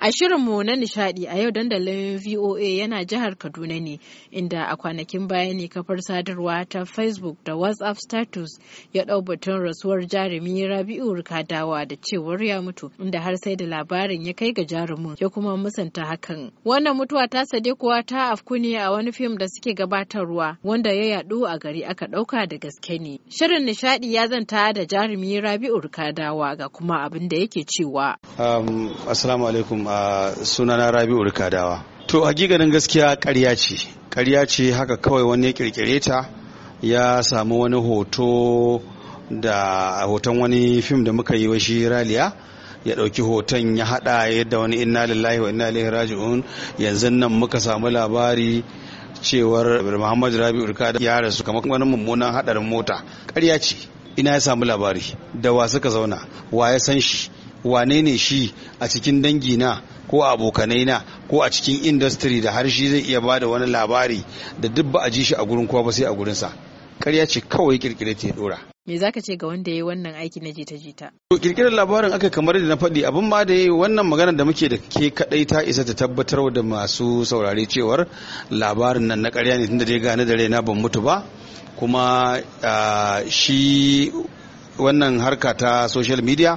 A shirin mu na nishadi a yau dandalin VOA yana jihar Kaduna ne inda a kwanakin baya ne kafar sadarwa ta Facebook da WhatsApp status ya ɗau batun rasuwar jarumi Rabi'u Rikadawa da cewar ya mutu inda har sai da labarin ya kai ga jarumin ya kuma musanta hakan. Wannan mutuwa ta sade kuwa ta afku ne a wani fim da suke gabatarwa wanda ya yaɗu a gari aka ɗauka da gaske ne. Shirin nishadi ya zanta da jarumi Rabi'u Rikadawa ga kuma abin da yake cewa. Um, assalamu alaikum sunana rabi'u rikadawa to hakikanin gaskiya karya ce karya ce haka kawai wani ya kirkire ta ya samu wani hoto da hoton wani fim da muka yi wa shi raliya ya ɗauki hoton ya haɗa yadda wani inna lillahi wa inna ilaihi raji'un yanzu nan muka samu labari cewar muhammad rabi urka ya rasu kamar wani mummunan haɗarin mota karya ce ina ya samu labari da wa suka zauna wa ya san shi wane ne shi a cikin dangina ko a abokanai na ko a cikin industry da har shi zai iya bada wani labari da duk ba a ji shi a gurin kowa ba sai a gurinsa karya ce kawai kirkire ta ya dora me za ka ce ga wanda ya yi wannan aiki na jita-jita? To kirkirar labarin aka kamar da na faɗi abin ma da ya yi wannan magana da muke da ke kaɗai ta isa ta tabbatar da masu saurare cewar labarin nan na ƙarya ne tunda dai gane da raina ban mutu ba kuma ah, shi wannan harka ta social media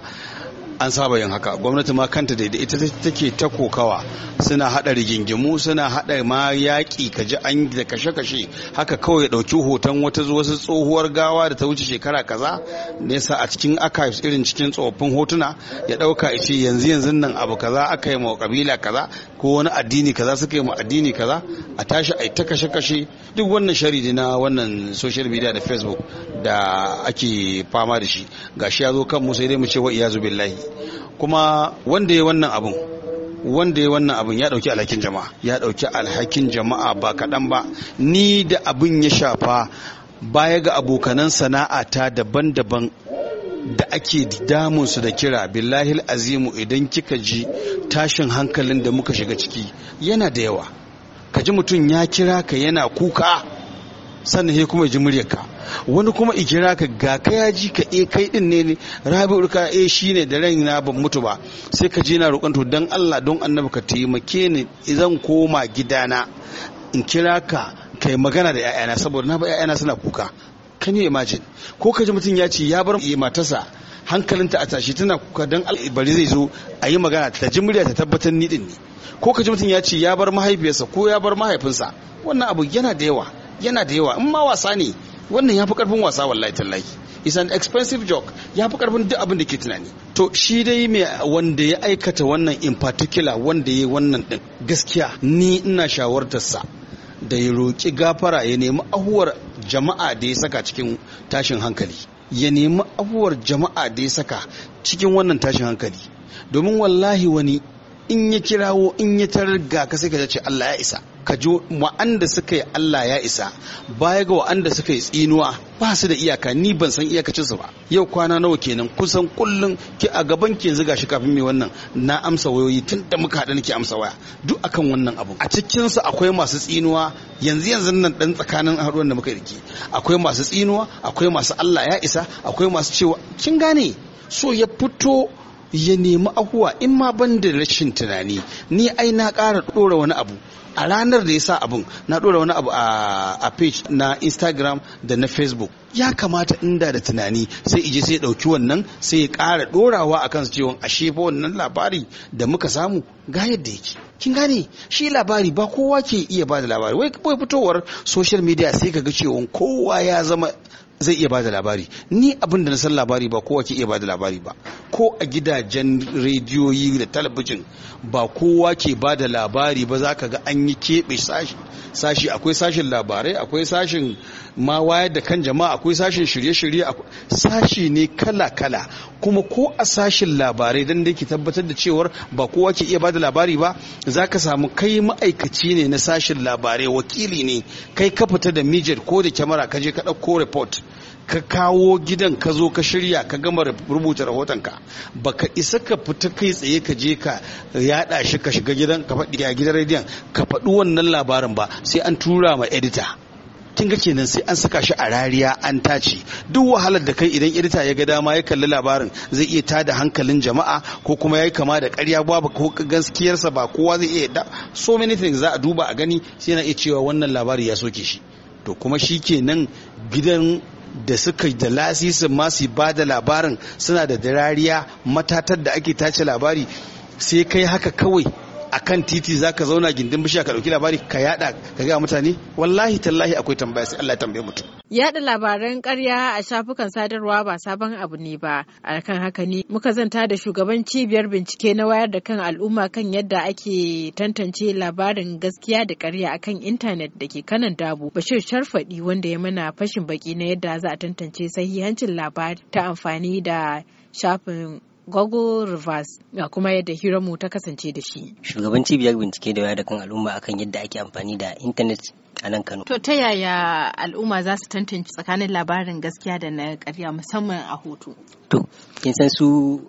an saba yin haka gwamnati ma kanta da ita take ta kokawa suna hada rigingimu suna hada ma yaki ka ji an da kashe-kashe haka kawai ɗauki hoton wata wasu tsohuwar gawa da ta wuce shekara kaza nesa a cikin archives irin cikin tsofaffin hotuna ya ɗauka ce yanzu yanzu nan abu kaza aka yi ma kabila kaza ko wani addini kaza suka yi ma addini kaza a tashi a ta kashe-kashe duk wannan sharidi na wannan social media da facebook da ake fama da shi gashi ya zo kan mu sai dai mu ce wa iyazu billahi kuma wanda ya wannan abun wanda ya wannan abin ya dauki alhakin jama'a ya dauki alhakin jama'a ba kaɗan ba ni da abin ya shafa baya ga abokanan sana'a ta daban-daban da ake damunsu da kira billahi azimu idan kika ji tashin hankalin da muka shiga ciki yana da yawa ka ji mutum ya kira ka yana kuka sannan sai kuma ji muryarka wani kuma ikira ka ga ka ya ji ka eh kai din ne ne rabi'ul ka eh shine da ran na ban mutu ba sai ka je na roƙon to dan Allah don annabi ka taimake ni zan koma gidana in kira ka kai magana da 'ya'yana saboda na ba 'ya'yana suna kuka kan yi imagine ko ka ji mutum ya ce ya bar eh matarsa hankalinta a tashi tana kuka don bari zai zo a yi magana ta ji murya ta tabbatar ni din ne ko ka ji mutum ya ce ya bar mahaifiyarsa ko ya bar mahaifinsa wannan abu yana da yawa yana da yawa in ma wasa ne wannan ya fi karfin wasa wallahi tallahi is an expensive joke ya fi karfin duk abin da ke tunani to shi dai mai wanda ya aikata wannan in particular wanda ya yi wannan din gaskiya ni ina shawartarsa da ya roƙi gafara ya nemi ahuwar jama'a da ya saka cikin tashin hankali ya nemi ahuwar jama'a da ya saka cikin wannan tashin hankali domin wallahi wani in ya kirawo in ya tarar ga ka sai ka ce Allah ya isa ka ji wa'anda suka yi Allah ya isa baya ga wa'anda suka yi tsinuwa ba su da iyaka ni ban san iyakacin su ba yau kwana nawa kenan kusan kullum ki a gaban ki yanzu gashi kafin mai wannan na amsa wayoyi tun da muka haɗa nake amsa waya duk akan wannan abu a cikin su akwai masu tsinuwa yanzu yanzu nan dan tsakanin haruwan da muka riki akwai masu tsinuwa akwai masu Allah ya isa akwai masu cewa kin gane so ya fito ya nemi ahuwa in ma ban da rashin tunani ni ai na ƙara ɗora wani abu a ranar da ya sa abun na ɗora wani abu a page na instagram da na facebook ya kamata inda da tunani sai ije sai ɗauki wannan sai ya ƙara ɗorawa a kan cewa ashe shefa wannan labari da muka samu ga yadda yake kin gane shi labari ba kowa ke iya ba da labari wai fitowar social media sai ka ga cewa kowa ya zama zai iya bada labari ni abin da na san labari ba kowa ke iya bada labari ba ko a gidajen rediyoyi da talabijin ba kowa ke bada labari ba za ka ga an yi keɓe sashi akwai sashin labarai akwai sashin ma da kan jama'a akwai sashin shirye-shirye sashi ne kala-kala kuma ko a sashin labarai don da ke tabbatar da cewar ba kowa ke iya bada labari ba za ka samu kai ma'aikaci ne na sashin labarai wakili ne kai ka fita da mijar ko da kyamara ka je ka ɗauko report ka kawo gidan ka zo ka shirya ka gama rubuta rahoton ka baka isa ka fita kai tsaye ka je ka yada shi ka shiga gidan ka faɗi a gidan rediyon ka faɗi wannan labarin ba sai an tura ma edita kin ga kenan sai an saka shi a rariya an tace duk wahalar da kai idan edita ya ga dama ya kalli labarin zai iya tada hankalin jama'a ko kuma yayi kama da ƙarya babu ko gaskiyarsa ba kowa zai iya da so many things za a duba a gani sai na iya cewa wannan labari ya soke shi to kuma shi kenan gidan da suka da lasisin masu ba da labarin suna da darariya matatar da ake tace labari sai kai haka kawai akan titi zaka zauna gindin bishiya ka ɗauki labari ka yada ka mutane wallahi tallahi akwai tambaya sai Allah ya tambaye mutum yada labaran ƙarya a shafukan sadarwa ba sabon abu ne ba a kan haka ne muka zanta da shugaban cibiyar bincike na wayar da kan al'umma kan yadda ake tantance labarin gaskiya da ƙarya kan intanet da ke kanan dabu bashir sharfadi wanda ya mana fashin baki na yadda za a tantance sahihancin labari ta amfani da shafin Google Reverse ga kuma yadda Hiramu ta kasance da shi. Shugaban cibiyar bincike da wayar da kan al'umma akan yadda ake amfani da intanet a nan Kano. To ta yaya al'umma za su tantance tsakanin labarin gaskiya da na karya musamman a hoto? To, kin san su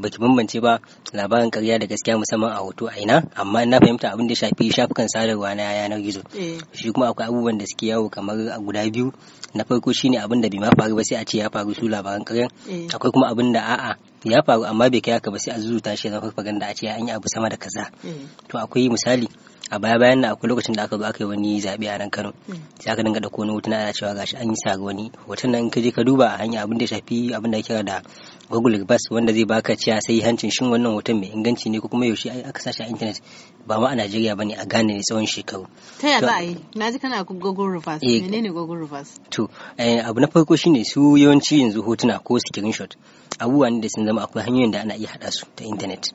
baki bambance ba labarin karya da gaskiya musamman a hoto a ina amma na fahimta abin da shafi shafukan sadarwa na yanar gizo eh. shi kuma akwai abubuwan da suke yawo kamar guda biyu na farko shine abin da bai ma faru ba sai a ce ya faru su labaran karya eh. akwai kuma abin da a'a ya faru amma bai kai haka ba sai a zuzuta shi zama farfaganda a ce an yi abu sama da kaza eh. to akwai misali a baya bayan na akwai lokacin da aka zo aka yi wani zaɓe a nan Kano hmm. sai aka dinga ɗauko wani hotuna ana cewa gashi an yi sa ga wani hoton nan kaje ka duba a hanya abin da shafi abin da ake kira da Google Glass wanda zai baka cewa sai hancin shin wannan hoton mai inganci ne ko kuma yaushe aka sashi a internet ba ma a Najeriya bane a Ghana ne tsawon shekaru ta ya ba yi na ji kana Google reverse eh. menene Google reverse to eh, abu na farko shi ne su yawanci yanzu hotuna ko screenshot abubuwan da sun zama akwai hanyoyin da ana iya hada su ta intanet.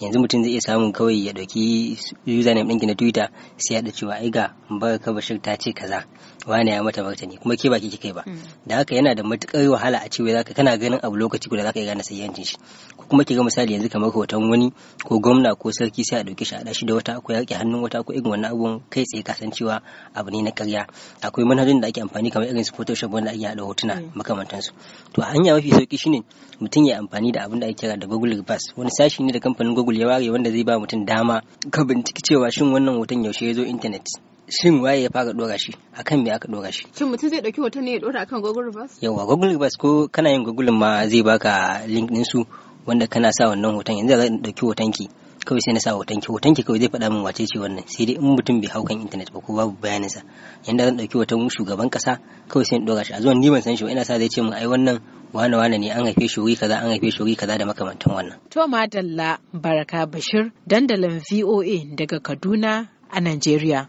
yanzu mutum zai iya samun kawai ya ɗauki username ɗinki na twitter sai ya cewa ai ga ka bashir ta ce kaza wani ya mata martani kuma ke baki kike ba hmm. da haka yana da matukar wahala a cewa zaka kana ganin abu lokaci guda zaka iya gane sayyancin shi ko kuma ki ga misali yanzu kamar hoton wani ko gwamna ko sarki sai a ɗauki shi a shi da wata ko ya rike hannun wata ko irin wannan abun kai tsaye san cewa abu ne na ƙarya akwai manhajojin da ake amfani kamar irin su photoshop wanda ake haɗa hotuna hmm. makamantansu to a hanya mafi sauki shine mutum ya amfani da abin da ake kira da google reverse wani sashi ne da kamfanin google ya ware wanda zai ba mutum dama ka binciki cewa shin wannan hoton yaushe ya zo intanet shin waye ya fara dora shi akan me aka dora shi shin mutum zai dauki hoton ne ya dora akan google reverse yawa google reverse ko kana yin google ma zai baka link din su wanda kana sa wannan hoton yanzu zai dauki hoton ki kawai sai na sa hoton ki hoton ki kawai zai faɗa min wace ce wannan sai dai in mutum bai hau kan internet ba ko babu bayanin sa yanda zan dauki hoton shugaban kasa kawai sai in dora shi a zuwan ni ban san shi ba ina sa zai ce min ai wannan wane wane ne an haife shi wuri kaza an haife shi wuri kaza da makamantan wannan to madalla baraka bashir dandalin VOA daga Kaduna a Najeriya